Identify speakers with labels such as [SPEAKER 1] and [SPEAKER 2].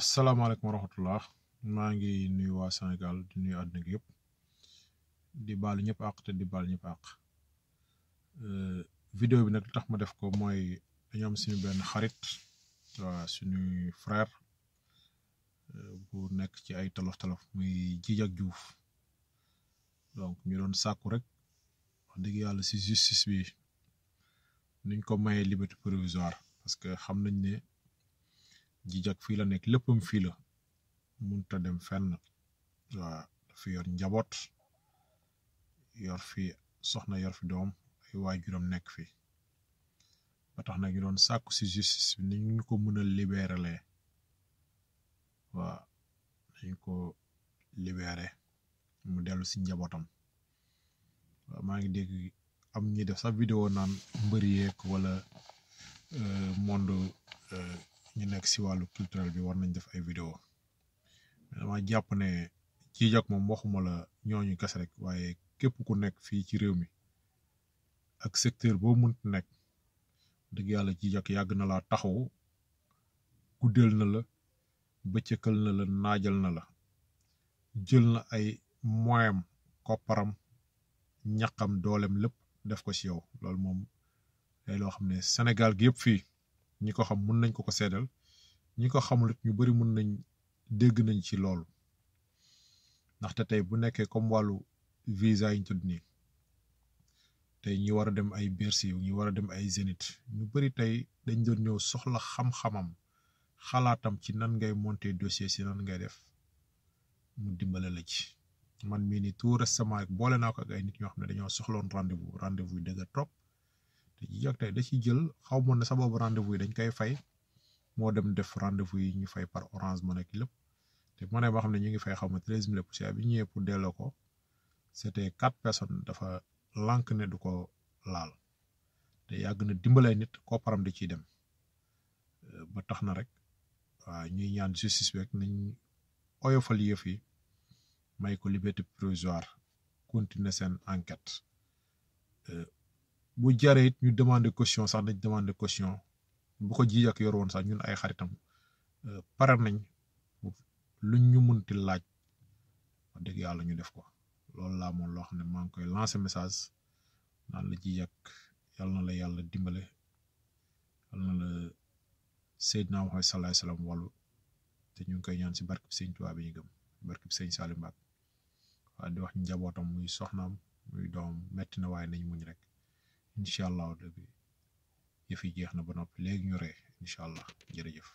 [SPEAKER 1] asalaamaaleykum wa rahmatullah maa ngi nuyu waa Sénégal di nuyu àdduna gi yëpp di baalu ñëpp àq te di baal ñëpp àq vidéo bi nag tax ma def ko mooy dañu am suñu benn xarit wa suñu frère bu nekk ci ay talof-talof muy Djidjack juuf donc ñu doon sàkku rek wax dëgg yàlla si justice bi nuñ ko mayee liberté provisoire parce que xam nañ ne jijak fii la nekk lépp fii la munta dem fenn waaw dafa yor njaboot yor fi soxna yor fi doom ay waajuram nekk fi ba tax na ñu sàkku si justice bi ko mën a libéralee waaw nañ ko libéré mu dellu si njabootam maa ngi dégg am ñi def sax vidéo naan mbëri yeeg wala euh, monde euh, ñu nekk si wàllu culturel bi war nañ def ay vidéo dama jàpp ne ci jag moom waxuma la ñooñu kese rek waaye képp ku nekk fii ci réew mi ak secteur boo mënti nekk dëgg yàlla ci jag yàgg na laa taxaw guddeel na la bëccëkal na la naajal na la jël na ay moyam kopparam ñaqam doolem lépp def ko si yow loolu moom day loo xam ne Sénégal gi yëpp fii ñi ko xam mun nañ ko ko seedal ñi ko xamulit ñu bari mun nañ dégg nañ ci loolu ndaxte tey bu nekkee comme wàllu visa yiñ ñu tudd nii tey ñi war a dem ay Bercy ñi war a dem ay Zénith ñu bëri tey dañ doon ñëw soxla xam-xamam xalaatam ci nan ngay monter dossier si nan ngay def mu dimbale la ci man mii ni tout récemment boole naa ko ak ay nit ñoo xam ne dañoo soxloon rendez-vous rendez-vous yi dëgg trop te Jijak da ciy jël xaw ma na sababu rendez-vous yi dañ koy fay moo dem def rendez-vous yi ñu fay par orange mën a lépp te monnaie boo xam ne ñu ngi fay xaw ma treize mille poussière bi ñëwee pour delloo ko c'était quatre personnes dafa lank ne du ko laal te yàgg na dimbalee nit ko param di ciy dem euh, ba tax na rek waaw ñuy ñaan justice bi rek nañ oyofal yëf yi may ko liberté provisoire continuer seen enquête. Euh, bu jaree it ñu demande caution sax dañ demander caution bu ko ji ak yor woon sax ñun ay xaritam euh, pare nañ luñ ñu munti laaj wax dëgg yàlla ñu def ko loolu laa moom loo xam ne maa ngi koy lancer message naan la ji yàq yàlla na la yàlla dimbale yàlla na la Seydina Muhammad sallallahu alayhi wa sallam wàllu te ñu ngi koy ñaan si barkeb Sëñ Tuubaa bi ñu gëm barkeb Sëñ Saaliu Mbakke waaye di wax njabootam muy soxnaam muy doom metti na waaye nañ muñ rek. incha allah yëf yi jeex na ba noppi léegi ñu ree incha allah jërëjëf.